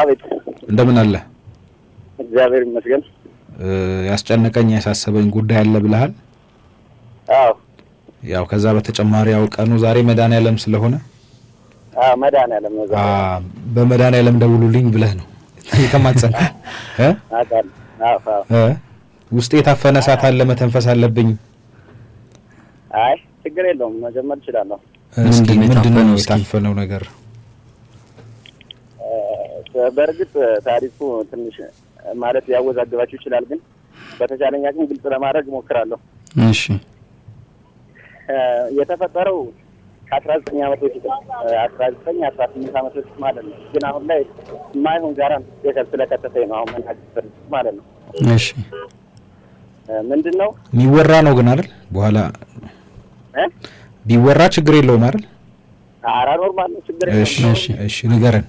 አቤት፣ እንደምን አለ? እግዚአብሔር ይመስገን። ያስጨነቀኝ ያሳሰበኝ ጉዳይ አለ ብለሃል። አዎ። ያው ከዛ በተጨማሪ ያው ቀኑ ዛሬ መድኃኔዓለም ስለሆነ መድኃኔዓለም ነው። በመድኃኔዓለም ደውሉልኝ ብለህ ነው የተማጸን ውስጥ የታፈነ እሳት አለ፣ መተንፈስ አለብኝ። አይ ችግር የለውም መጀመር እችላለሁ። ምንድን ነው የታፈነው ነገር? በእርግጥ ታሪኩ ትንሽ ማለት ያወዛግባችሁ ይችላል፣ ግን በተቻለኛ ግን ግልጽ ለማድረግ እሞክራለሁ። እሺ የተፈጠረው ከአስራ ዘጠኝ አመት በፊት አስራ ዘጠኝ አስራ ስምንት አመት በፊት ማለት ነው። ግን አሁን ላይ የማይሆን ጋራ ስለከተተኝ ነው አሁን መናገር ማለት ነው። እሺ ምንድን ነው የሚወራ ነው ግን አይደል? በኋላ ቢወራ ችግር የለውም አይደል? አራ ኖርማል ነው ችግር የለውም። እሺ እሺ ንገረን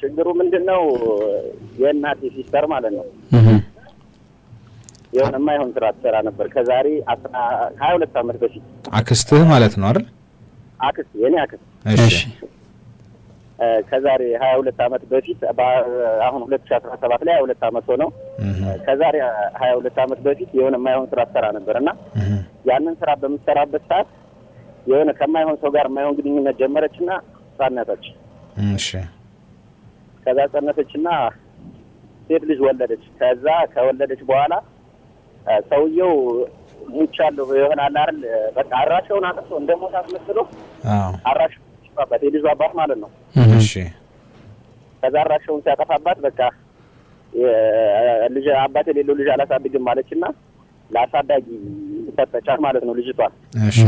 ችግሩ ምንድን ነው? የእናቴ ሲስተር ማለት ነው የሆነ የማይሆን ስራ ትሰራ ነበር። ከዛሬ አስራ ሀያ ሁለት አመት በፊት አክስትህ ማለት ነው አይደል? አክስት የኔ አክስት። እሺ ከዛሬ ሀያ ሁለት አመት በፊት አሁን ሁለት ሺ አስራ ሰባት ላይ ሀያ ሁለት አመት ሆነው ከዛሬ ሀያ ሁለት አመት በፊት የሆነ የማይሆን ስራ ትሰራ ነበር እና ያንን ስራ በምትሰራበት ሰዓት የሆነ ከማይሆን ሰው ጋር የማይሆን ግንኙነት ጀመረች እና ጸነሰች። እሺ ከዛ ጸነሰች እና ሴት ልጅ ወለደች። ከዛ ከወለደች በኋላ ሰውየው ሙቻለሁ ይሆናል አይደል? በቃ አራሻውን አጥቶ እንደሞተ አስመስሎ አራሽ አባት የልጁ አባት ማለት ነው። እሺ ከዛ አራሻውን ሲያጠፋባት በቃ ልጅ አባት የሌለው ልጅ አላሳድግም ማለችና ለአሳዳጊ ሰጠቻት ማለት ነው ልጅቷን። እሺ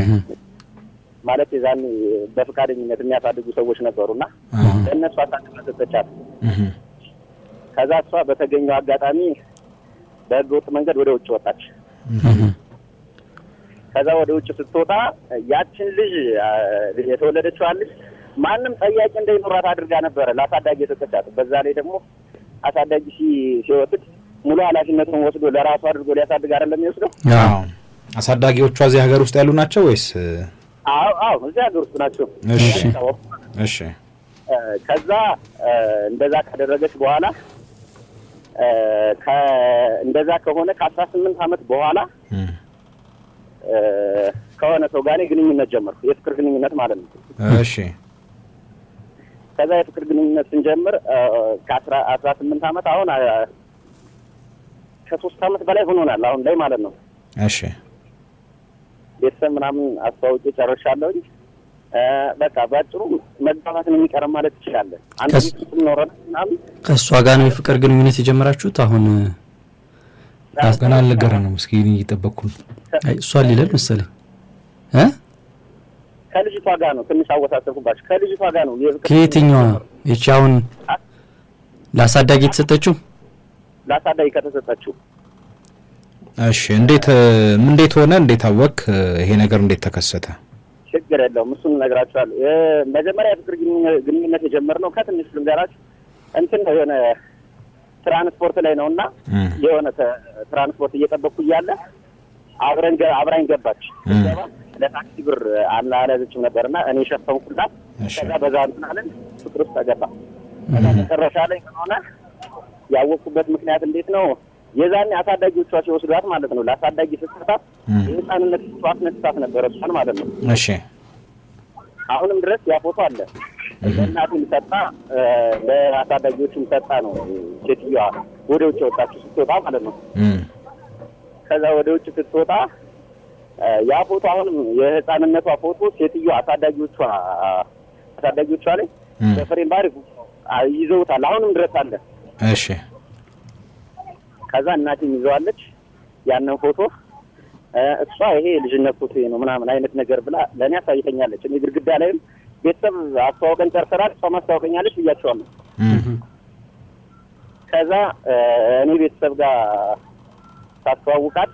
ማለት የዛን በፍቃደኝነት የሚያሳድጉ ሰዎች ነበሩና ለእነሱ አሳልፋ ሰጥቻት። ከዛ እሷ በተገኘው አጋጣሚ በህገ ወጥ መንገድ ወደ ውጭ ወጣች። ከዛ ወደ ውጭ ስትወጣ ያችን ልጅ የተወለደችዋን ልጅ ማንም ጠያቂ እንዳይኖራት አድርጋ ነበረ ለአሳዳጊ የሰጠቻት። በዛ ላይ ደግሞ አሳዳጊ ሲወስድ ሙሉ ኃላፊነቱን ወስዶ ለራሱ አድርጎ ሊያሳድግ አይደለም የሚወስደው። አሳዳጊዎቿ እዚህ ሀገር ውስጥ ያሉ ናቸው ወይስ አዎ እዚህ ሀገር ውስጥ ናቸው። እሺ። እሺ። ከዛ እንደዛ ካደረገች በኋላ እንደዛ ከሆነ ከአስራ ስምንት አመት በኋላ ከሆነ ሰው ጋር ግንኙነት ጀመርኩ። የፍቅር ግንኙነት ማለት ነው። እሺ። ከዛ የፍቅር ግንኙነት ስንጀምር ከአስራ ስምንት አመት አሁን ከሶስት አመት በላይ ሆኖናል አሁን ላይ ማለት ነው። እሺ ቤተሰብ ምናምን አስተዋውቄ ጨርሻለሁኝ። በቃ በአጭሩ መግባባት ነው የሚቀረም ማለት ትችላለን። አንድ ቤት ምናምን ከእሷ ጋር ነው የፍቅር ግንኙነት የጀመራችሁት? አሁን ገና አልነገረ ነው እስኪ እየጠበቅኩ እሷ ሊለን መሰለኝ ከልጅቷ ጋር ነው ትንሽ አወሳሰብኩባቸው። ከልጅቷ ጋር ነው ከየትኛዋ ይቺ አሁን ለአሳዳጊ የተሰጠችው ለአሳዳጊ ከተሰጠችው እሺ እንዴት እንዴት ሆነ? እንዴት አወቅ? ይሄ ነገር እንዴት ተከሰተ? ችግር የለውም እሱን እነግራችኋለሁ። መጀመሪያ የፍቅር ግንኙነት የጀመርነው ከትንሽ ልንገራችሁ እንትን ነው የሆነ ትራንስፖርት ላይ ነው እና የሆነ ትራንስፖርት እየጠበቅኩ እያለ አብረን አብራኝ ገባች። ለታክሲ ብር አላለዘችም ነበርና እኔ ሸፈንኩላት። ከዛ በዛ እንትን አለን ፍቅር ውስጥ ተገባ። መጨረሻ ላይ ሆነ ያወቅኩበት ምክንያት እንዴት ነው የዛኔ አሳዳጊዎቿ ሲወስዷት ማለት ነው ለአሳዳጊ ስሰጣት የህፃንነት ስዋት ነስሳት ነበረ እሷን ማለት ነው። እሺ አሁንም ድረስ ያ ፎቶ አለ። ለእናቱ ሰጣ፣ ለአሳዳጊዎቹም ሰጣ ነው ሴትዮዋ ወደ ውጭ ወጣችሁ ስትወጣ ማለት ነው። ከዛ ወደ ውጭ ስትወጣ ያ ፎቶ አሁንም የህፃንነቷ ፎቶ ሴትዮዋ አሳዳጊዎቿ አሳዳጊዎቿ ላይ በፍሬም ባሪ ይዘውታል። አሁንም ድረስ አለ። እሺ ከዛ እናቴም ይዘዋለች ያንን ፎቶ እሷ ይሄ ልጅነት ፎቶ ነው ምናምን አይነት ነገር ብላ ለእኔ አሳይተኛለች። እኔ ግድግዳ ላይም ቤተሰብ አስተዋውቀን ጨርሰናል፣ እሷም አስተዋውቀኛለች ብያቸዋለሁ። ከዛ እኔ ቤተሰብ ጋር ሳስተዋውቃት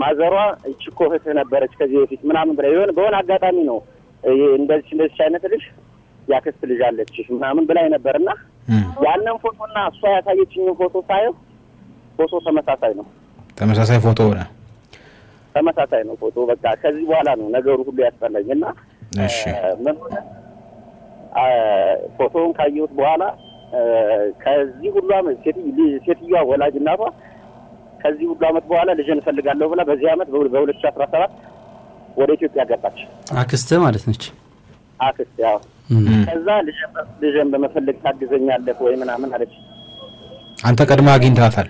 ማዘሯ ይቺ እህትህ ነበረች ከዚህ በፊት ምናምን ብላ የሆነ በሆነ አጋጣሚ ነው እንደዚህ እንደዚህ አይነት ልጅ ያክስት ልጅ አለችሽ ምናምን ብላኝ ነበርና ያንን ፎቶና እሷ ያሳየችኝን ፎቶ ሳየው ፎቶ ተመሳሳይ ነው። ተመሳሳይ ፎቶ ሆነ። ተመሳሳይ ነው ፎቶ። በቃ ከዚህ በኋላ ነው ነገሩ ሁሉ ያስጠላኝ እና ምን ፎቶውን ካየሁት በኋላ ከዚህ ሁሉ ዓመት ሴትዮዋ ወላጅ እናቷ ከዚህ ሁሉ ዓመት በኋላ ልጅ እንፈልጋለሁ ብላ በዚህ ዓመት በሁለት ሺህ አስራ ሰባት ወደ ኢትዮጵያ ገባች። አክስት ማለት ነች። አክስት ያው ከዛ ልጅን በመፈለግ ታግዘኛለህ ወይ ምናምን አለች። አንተ ቀድማ አግኝታታል?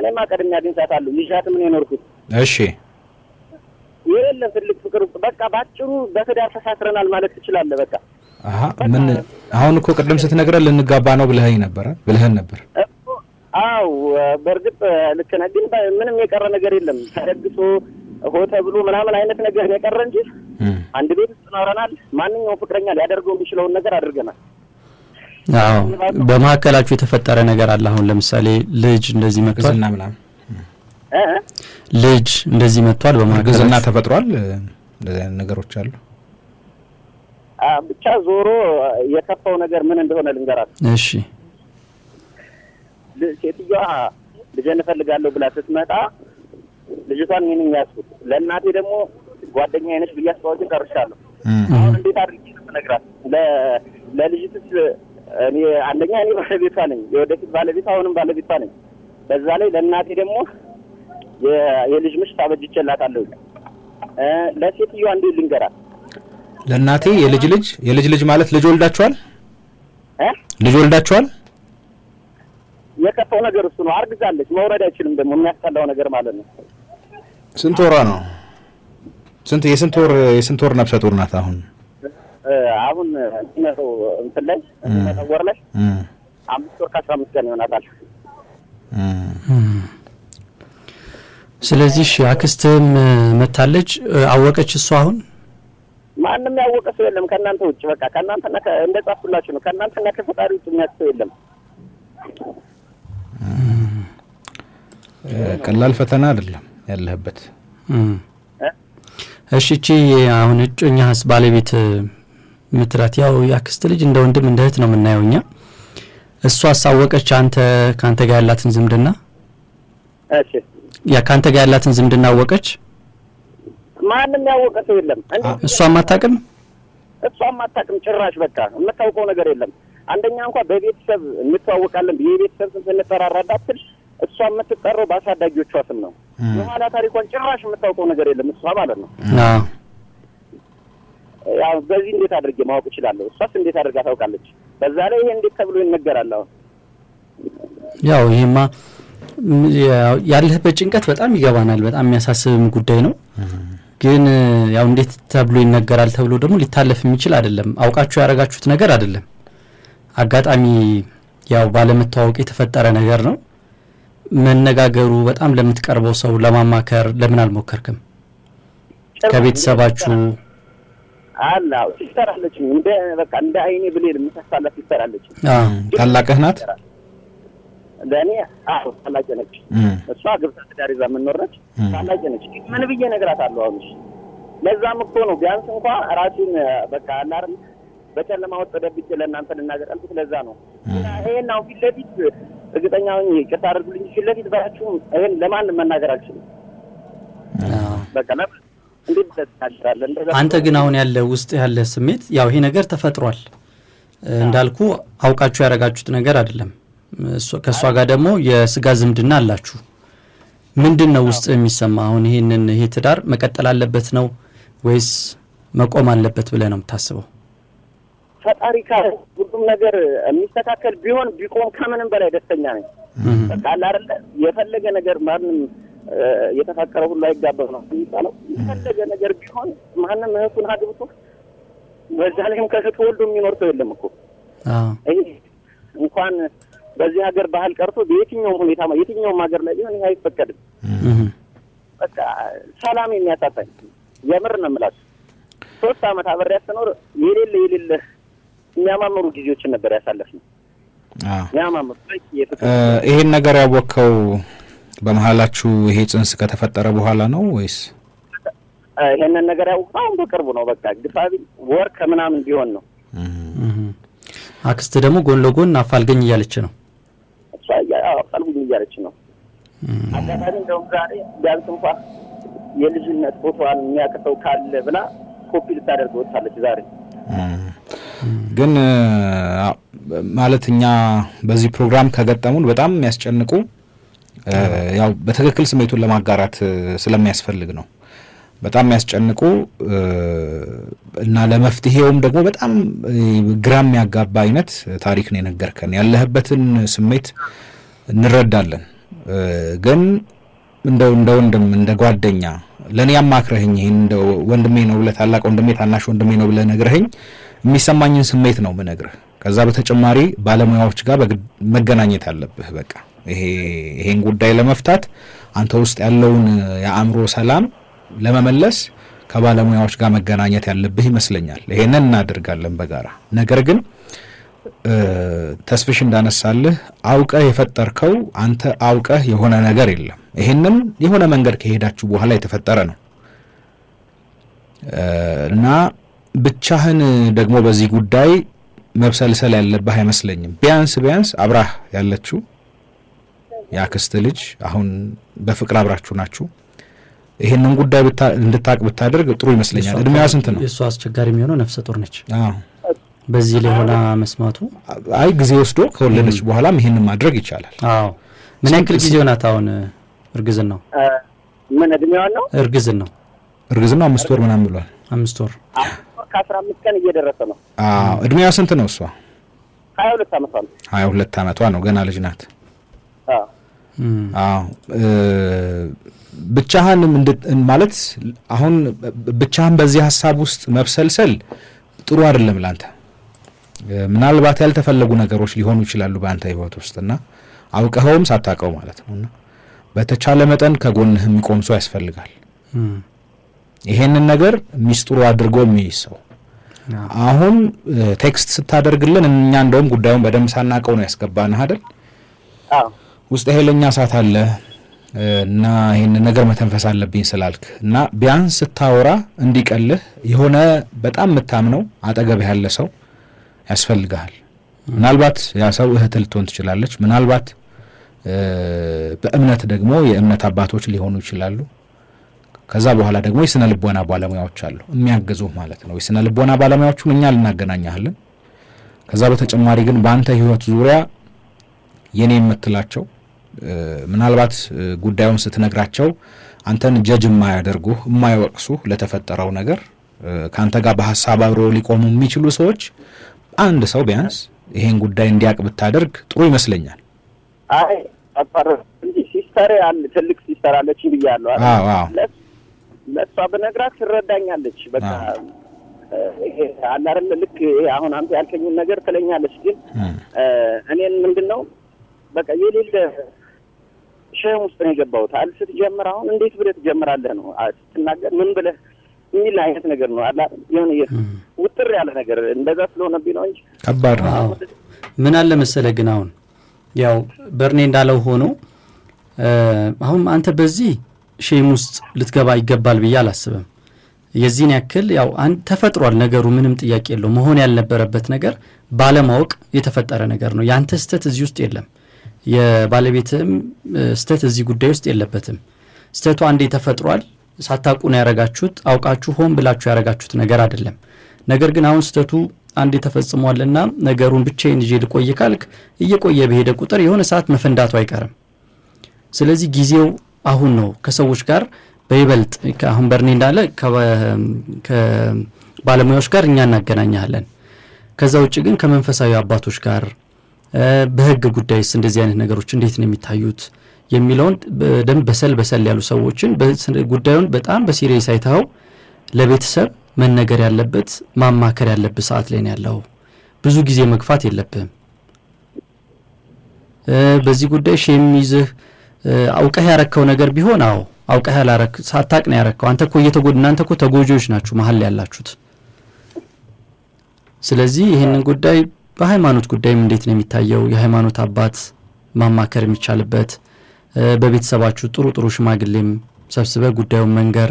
እኔማ ቀድሜ አግኝታታለሁ። ይዣትም ምን የኖርኩት። እሺ የሌለም ትልቅ ፍቅር በቃ ባጭሩ በትዳር ተሳስረናል ማለት ትችላለህ። በቃ ምን አሁን እኮ ቅድም ስትነግረን ልንጋባ ነው ብለኸኝ ነበረ ብለህን ነበር። አው በእርግጥ ልክ ነህ፣ ግን ምንም የቀረ ነገር የለም ተደግሶ ሆ ተብሎ ምናምን አይነት ነገር የቀረ እንጂ አንድ ቤት ውስጥ ኖረናል። ማንኛውም ፍቅረኛ ሊያደርገው የሚችለውን ነገር አድርገናል። አዎ በመካከላችሁ የተፈጠረ ነገር አለ። አሁን ለምሳሌ ልጅ እንደዚህ መጥቷል፣ ልጅ እንደዚህ መጥቷል፣ በማርገዝና ተፈጥሯል። እንደዚህ አይነት ነገሮች አሉ። ብቻ ዞሮ የከፋው ነገር ምን እንደሆነ ልንገራት። እሺ ሴትዮዋ ልጅ እንፈልጋለሁ ብላ ስትመጣ ልጅቷን ምን ያስኩት ለእናቴ ደግሞ ጓደኛ አይነት ብዬ አስተዋወቂ ቀርሻለሁ። አሁን እንዴት አድርጌ ነግራት ለልጅትስ እኔ አንደኛ እኔ ባለቤቷ ነኝ፣ የወደፊት ባለቤት አሁንም ባለቤቷ ነኝ። በዛ ላይ ለእናቴ ደግሞ የልጅ ምሽት አበጅቼላታለሁ። ለሴትዮዋ እንዴት ልንገራት? ለእናቴ የልጅ ልጅ የልጅ ልጅ ማለት ልጅ ወልዳችኋል? ልጅ ወልዳችኋል? የከፋው ነገር እሱ ነው። አርግዛለች። መውረድ አይችልም ደግሞ የሚያስጠላው ነገር ማለት ነው። ስንት ወሯ ነው? ስንት የስንት ወር የስንት ወር ነፍሰ ጡር ናት? አሁን አሁን የሚመጣው እንትን ላይ ወር ላይ አምስት ወር ከአስራ አምስት ቀን ይሆናታል። ስለዚህ አክስትም መታለች። አወቀች እሱ አሁን ማንም ያወቀ ሰው የለም ከእናንተ ውጭ። በቃ ከእናንተና እንደ ጻፍኩላችሁ ነው። ከእናንተና ከፈጣሪ ውጭ የሚያውቅ ሰው የለም። ቀላል ፈተና አይደለም። ያለህበት። እሺ እቺ አሁን እጮኛስ ባለቤት ምትላት ያው ያክስት ልጅ እንደ ወንድም እንደ እህት ነው የምናየው እኛ። እሷ አሳወቀች አንተ ከአንተ ጋር ያላትን ዝምድና ያ ከአንተ ጋር ያላትን ዝምድና አወቀች? ማንም ያወቀ ሰው የለም። እሷም አታውቅም፣ እሷም አታውቅም ጭራሽ። በቃ የምታውቀው ነገር የለም። አንደኛ እንኳ በቤተሰብ እንተዋወቃለን ብዬ የቤተሰብ ስም ስንጠራራ አትል እሷ የምትጠራው በአሳዳጊዎቿ ስም ነው። የኋላ ታሪኳን ጭራሽ የምታውቀው ነገር የለም እሷ ማለት ነው። ያው በዚህ እንዴት አድርጌ ማወቅ እችላለሁ? እሷስ እንዴት አድርጋ ታውቃለች? በዛ ላይ ይሄ እንዴት ተብሎ ይነገራል? አሁን ያው ይሄማ ያለህበት ጭንቀት በጣም ይገባናል። በጣም የሚያሳስብም ጉዳይ ነው። ግን ያው እንዴት ተብሎ ይነገራል ተብሎ ደግሞ ሊታለፍ የሚችል አይደለም። አውቃችሁ ያደረጋችሁት ነገር አይደለም። አጋጣሚ ያው ባለመታወቅ የተፈጠረ ነገር ነው። መነጋገሩ በጣም ለምትቀርበው ሰው ለማማከር ለምን አልሞከርክም? ከቤተሰባችሁ አላ ሲስተር እንደ በቃ እንደ አይኔ የምታሳላ ታላቅህ ናት ለእኔ። አዎ ታላቅ ነች። እሷ ግብታ ትዳር ይዛ ታላቅ ነች። ምን ብዬ አሁን ለዛም እኮ ነው ቢያንስ እንኳ ራሴን በቃ አላርም በጨለማ ወጥ ደብቼ ለእናንተ ልናገር አልኩት። ለዛ ነው ይሄ ናው ፊት ለፊት እርግጠኛ ሆኜ ይቅርታ አድርጉልኝ። ፊት ለፊት በራችሁ ይህን ለማንም መናገር አልችልም። በቃ አንተ ግን አሁን ያለ ውስጥ ያለ ስሜት ያው ይሄ ነገር ተፈጥሯል እንዳልኩ አውቃችሁ ያደረጋችሁት ነገር አይደለም። ከእሷ ጋር ደግሞ የስጋ ዝምድና አላችሁ። ምንድን ነው ውስጥ የሚሰማ አሁን? ይህንን ይሄ ትዳር መቀጠል አለበት ነው ወይስ መቆም አለበት ብለህ ነው የምታስበው? ፈጣሪ ካለ ሁሉም ነገር የሚስተካከል ቢሆን ቢቆም ከምንም በላይ ደስተኛ ነኝ። በቃ አይደለ የፈለገ ነገር ማንም የተፋቀረ ሁሉ አይጋበብ ነው የሚባለው። የፈለገ ነገር ቢሆን ማንም እህቱን አግብቶ በዛ ላይም ከእህቱ ወልዶ የሚኖር ሰው የለም እኮ ይህ እንኳን በዚህ ሀገር ባህል ቀርቶ በየትኛውም ሁኔታ የትኛውም ሀገር ላይ ቢሆን ይህ አይፈቀድም። በቃ ሰላም የሚያሳጣኝ የምር ነው የምላችሁ። ሶስት አመት አብሬያት ስኖር የሌለ የሌለ የሚያማምሩ ጊዜዎችን ነበር ያሳለፍነው። የሚያማምሩ ይሄን ነገር ያወቅከው በመሀላችሁ ይሄ ጽንስ ከተፈጠረ በኋላ ነው ወይስ? ይሄንን ነገር ያወቅነው አሁን በቅርቡ ነው። በቃ ግፋቢ ወር ከምናምን ቢሆን ነው። አክስት ደግሞ ጎን ለጎን አፋልገኝ እያለች ነው እሷ አፋልጉኝ እያለች ነው። አጋጣሚ እንደውም ዛሬ ቢያንስ እንኳ የልጅነት ፎቶዋን የሚያቅተው ካለ ብላ ኮፒ ልታደርገ ወታለች ዛሬ ግን ማለት እኛ በዚህ ፕሮግራም ከገጠሙን በጣም የሚያስጨንቁ ያው በትክክል ስሜቱን ለማጋራት ስለሚያስፈልግ ነው። በጣም የሚያስጨንቁ እና ለመፍትሄውም ደግሞ በጣም ግራ የሚያጋባ አይነት ታሪክ ነው የነገርከን። ያለህበትን ስሜት እንረዳለን። ግን እንደው እንደ ወንድም እንደ ጓደኛ ለእኔ አማክረህኝ ይህን ወንድሜ ነው ብለህ ታላቅ ወንድሜ ታናሽ ወንድሜ ነው ብለህ ነግረህኝ የሚሰማኝን ስሜት ነው ምነግርህ። ከዛ በተጨማሪ ባለሙያዎች ጋር መገናኘት አለብህ። በቃ ይሄን ጉዳይ ለመፍታት አንተ ውስጥ ያለውን የአእምሮ ሰላም ለመመለስ ከባለሙያዎች ጋር መገናኘት ያለብህ ይመስለኛል። ይሄንን እናደርጋለን በጋራ ነገር ግን ተስፍሽ እንዳነሳልህ አውቀህ የፈጠርከው አንተ አውቀህ የሆነ ነገር የለም። ይሄንን የሆነ መንገድ ከሄዳችሁ በኋላ የተፈጠረ ነው እና ብቻህን ደግሞ በዚህ ጉዳይ መብሰልሰል ያለብህ አይመስለኝም። ቢያንስ ቢያንስ አብራህ ያለችው የአክስት ልጅ አሁን በፍቅር አብራችሁ ናችሁ። ይህንን ጉዳይ እንድታቅ ብታደርግ ጥሩ ይመስለኛል። እድሜዋ ስንት ነው? እሱ አስቸጋሪ የሚሆነው ነፍሰ ጡር ነች። በዚህ ላይ ሆና መስማቱ አይ ጊዜ ወስዶ ከወለደች በኋላም ይህንን ማድረግ ይቻላል። አዎ ምን ያክል ጊዜ ሆናት? አሁን እርግዝን ነው ምን እድሜዋን ነው? እርግዝን ነው እርግዝን ነው አምስት ወር ምናምን ብሏል። አምስት ወር ከአስራ አምስት ቀን እየደረሰ ነው። አዎ እድሜዋ ስንት ነው እሷ? ሀያ ሁለት አመቷ ነው። ሀያ ሁለት አመቷ ነው። ገና ልጅ ናት። አዎ ብቻህን ማለት አሁን ብቻህን በዚህ ሀሳብ ውስጥ መብሰልሰል ጥሩ አይደለም ላንተ። ምናልባት ያልተፈለጉ ነገሮች ሊሆኑ ይችላሉ በአንተ ህይወት ውስጥ እና አውቀኸውም ሳታውቀው ማለት ነው። እና በተቻለ መጠን ከጎንህ የሚቆም ሰው ያስፈልጋል። ይሄንን ነገር ሚስጥሩ አድርጎ የሚይዝ ሰው አሁን ቴክስት ስታደርግልን እኛ እንደውም ጉዳዩን በደንብ ሳናቀው ነው ያስገባን አይደል? ውስጥ ኃይለኛ እሳት አለ እና ይህን ነገር መተንፈስ አለብኝ ስላልክ እና ቢያንስ ስታወራ እንዲቀልህ የሆነ በጣም የምታምነው አጠገብ ያለ ሰው ያስፈልግሃል። ምናልባት ያ ሰው እህት ልትሆን ትችላለች። ምናልባት በእምነት ደግሞ የእምነት አባቶች ሊሆኑ ይችላሉ። ከዛ በኋላ ደግሞ የስነ ልቦና ባለሙያዎች አሉ የሚያግዙ ማለት ነው። የስነ ልቦና ባለሙያዎቹን እኛ ልናገናኛለን። ከዛ በተጨማሪ ግን በአንተ ህይወት ዙሪያ የኔ የምትላቸው ምናልባት ጉዳዩን ስትነግራቸው አንተን ጀጅ የማያደርጉ የማይወቅሱ ለተፈጠረው ነገር ከአንተ ጋር በሀሳብ አብሮ ሊቆሙ የሚችሉ ሰዎች አንድ ሰው ቢያንስ ይሄን ጉዳይ እንዲያውቅ ብታደርግ ጥሩ ይመስለኛል። አይ ሲስተር ትልቅ ሲስተር አለች ብያለሁ። ለእሷ ለእሷ ብነግራት ትረዳኛለች። በቃ ይሄ ልክ አሁን አንተ ያልከኝን ነገር ትለኛለች። ግን እኔን ምንድን ነው በቃ የሌለ ሸም ውስጥ ነው የገባሁት። አል ስትጀምር አሁን እንዴት ብለህ ትጀምራለህ ነው ስትናገር ምን ብለህ የሚል አይነት ነገር ነው አላ የሆነ ውጥር ያለ ነገር እንደዛ ስለሆነብኝ ነው እንጂ ከባድ ነው። ምን አለ መሰለህ ግን አሁን ያው በርኔ እንዳለው ሆኖ አሁን አንተ በዚህ ሼም ውስጥ ልትገባ ይገባል ብዬ አላስብም። የዚህን ያክል ያው አንድ ተፈጥሯል ነገሩ፣ ምንም ጥያቄ የለው። መሆን ያልነበረበት ነገር ባለማወቅ የተፈጠረ ነገር ነው። የአንተ ስህተት እዚህ ውስጥ የለም። የባለቤትም ስህተት እዚህ ጉዳይ ውስጥ የለበትም። ስህተቱ አንዴ ተፈጥሯል። ሳታውቁ ነው ያረጋችሁት። አውቃችሁ ሆን ብላችሁ ያረጋችሁት ነገር አይደለም። ነገር ግን አሁን ስህተቱ አንዴ ተፈጽሟልና ነገሩን ብቻዬን ይዤ ልቆይ ካልክ እየቆየ በሄደ ቁጥር የሆነ ሰዓት መፈንዳቱ አይቀርም። ስለዚህ ጊዜው አሁን ነው ከሰዎች ጋር በይበልጥ አሁን በርኔ እንዳለ ከባለሙያዎች ጋር እኛ እናገናኛለን። ከዛ ውጭ ግን ከመንፈሳዊ አባቶች ጋር በህግ ጉዳይስ እንደዚህ አይነት ነገሮች እንዴት ነው የሚታዩት የሚለውን በደንብ በሰል በሰል ያሉ ሰዎችን ጉዳዩን በጣም በሲሪየስ ሳይታው ለቤተሰብ መነገር ያለበት ማማከር ያለብህ ሰዓት ላይ ነው ያለው። ብዙ ጊዜ መግፋት የለብህም። በዚህ ጉዳይ ሼም ይዝህ አውቀህ ያረከው ነገር ቢሆን አዎ፣ አውቀህ ያላረክ ሳታቅ ነው ያረከው። አንተ እኮ እየተጎድ እናንተ እኮ ተጎጂዎች ናችሁ መሀል ያላችሁት። ስለዚህ ይህንን ጉዳይ በሃይማኖት ጉዳይም እንዴት ነው የሚታየው? የሃይማኖት አባት ማማከር የሚቻልበት በቤተሰባችሁ ጥሩ ጥሩ ሽማግሌም ሰብስበ ጉዳዩን መንገር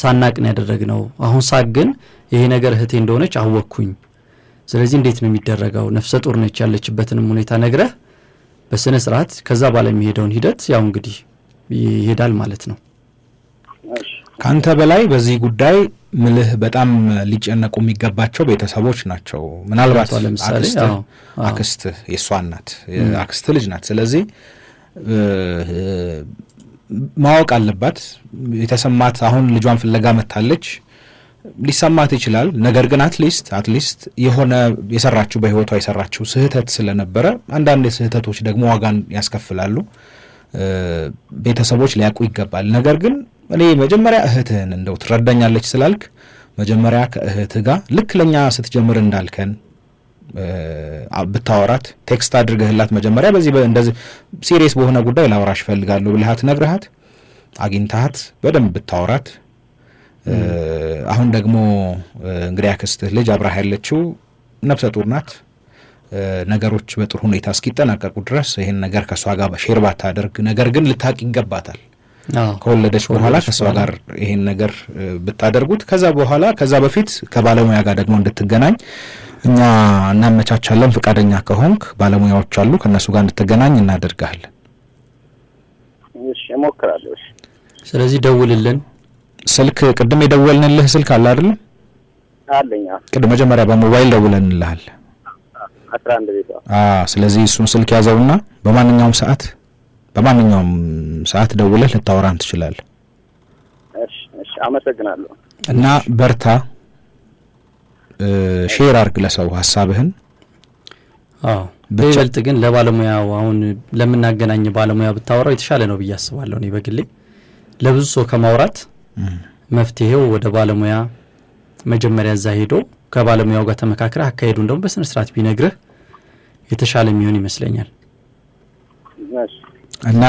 ሳናቅ ነው ያደረግነው። አሁን ሳቅ ግን ይሄ ነገር እህቴ እንደሆነች አወቅኩኝ። ስለዚህ እንዴት ነው የሚደረገው? ነፍሰ ጡር ነች ያለችበትንም ሁኔታ ነግረህ በስነ ስርዓት ከዛ በኋላ የሚሄደውን ሂደት ያው እንግዲህ ይሄዳል ማለት ነው። ከአንተ በላይ በዚህ ጉዳይ ምልህ በጣም ሊጨነቁ የሚገባቸው ቤተሰቦች ናቸው። ምናልባት አክስት የእሷ እናት ልጅ ናት። ስለዚህ ማወቅ አለባት የተሰማት አሁን ልጇን ፍለጋ መታለች ሊሰማት ይችላል። ነገር ግን አትሊስት አትሊስት የሆነ የሰራችው በህይወቷ የሰራችው ስህተት ስለነበረ አንዳንድ ስህተቶች ደግሞ ዋጋን ያስከፍላሉ፣ ቤተሰቦች ሊያውቁ ይገባል። ነገር ግን እኔ መጀመሪያ እህትህን እንደው ትረዳኛለች ስላልክ መጀመሪያ ከእህትህ ጋር ልክ ለእኛ ስትጀምር እንዳልከን ብታወራት ቴክስት አድርገህላት መጀመሪያ በዚህ እንደዚህ ሲሪየስ በሆነ ጉዳይ ላወራሽ እፈልጋለሁ ብልሃት ነግረሃት አግኝታት በደንብ ብታወራት አሁን ደግሞ እንግዲህ ያክስትህ ልጅ አብራህ ያለችው ነፍሰ ጡር ናት። ነገሮች በጥሩ ሁኔታ እስኪጠናቀቁ ድረስ ይህን ነገር ከእሷ ጋር ሼር ባታደርግ፣ ነገር ግን ልታቅ ይገባታል። ከወለደች በኋላ ከእሷ ጋር ይህን ነገር ብታደርጉት፣ ከዛ በኋላ ከዛ በፊት ከባለሙያ ጋር ደግሞ እንድትገናኝ እኛ እናመቻቻለን። ፈቃደኛ ከሆንክ ባለሙያዎች አሉ፣ ከእነሱ ጋር እንድትገናኝ እናደርጋለን። እሞክራለሁ። ስለዚህ ደውልልን። ስልክ ቅድም የደወልንልህ ስልክ አለ አይደል? አለኛ ቅድም መጀመሪያ በሞባይል ደውለንልሃል። ስለዚህ እሱን ስልክ ያዘውና በማንኛውም ሰዓት በማንኛውም ሰዓት ደውለህ ልታወራን ትችላለህ። አመሰግናለሁ። እና በርታ፣ ሼር አርግ ለሰው ሀሳብህን። በይበልጥ ግን ለባለሙያው አሁን ለምናገናኝ ባለሙያ ብታወራው የተሻለ ነው ብዬ አስባለሁ። እኔ በግሌ ለብዙ ሰው ከማውራት መፍትሄው ወደ ባለሙያ መጀመሪያ እዛ ሄዶ ከባለሙያው ጋር ተመካክረ አካሄዱን ደግሞ በስነ ስርዓት ቢነግርህ የተሻለ የሚሆን ይመስለኛል። እና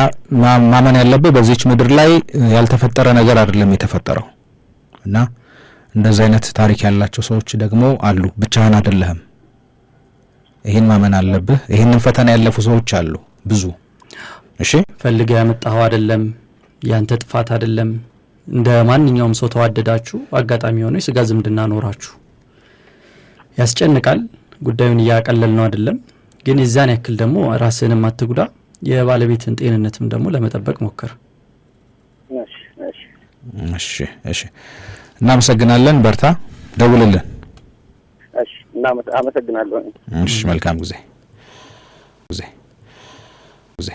ማመን ያለብህ በዚች ምድር ላይ ያልተፈጠረ ነገር አይደለም የተፈጠረው። እና እንደዚህ አይነት ታሪክ ያላቸው ሰዎች ደግሞ አሉ። ብቻህን አይደለህም። ይህን ማመን አለብህ። ይህንን ፈተና ያለፉ ሰዎች አሉ ብዙ። እሺ ፈልገ ያመጣኸው አይደለም፣ ያንተ ጥፋት አይደለም። እንደ ማንኛውም ሰው ተዋደዳችሁ፣ አጋጣሚ የሆነው የስጋ ዝምድና ኖራችሁ ያስጨንቃል። ጉዳዩን እያቀለል ነው አይደለም፣ ግን የዚያን ያክል ደግሞ ራስህንም አትጉዳ፣ የባለቤትን ጤንነትም ደግሞ ለመጠበቅ ሞክር። እሺ፣ እሺ። እናመሰግናለን። በርታ፣ ደውልልን። አመሰግናለሁ። እሺ፣ መልካም ጊዜ ጊዜ ጊዜ